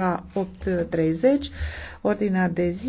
la 8.30, ordinea de zi.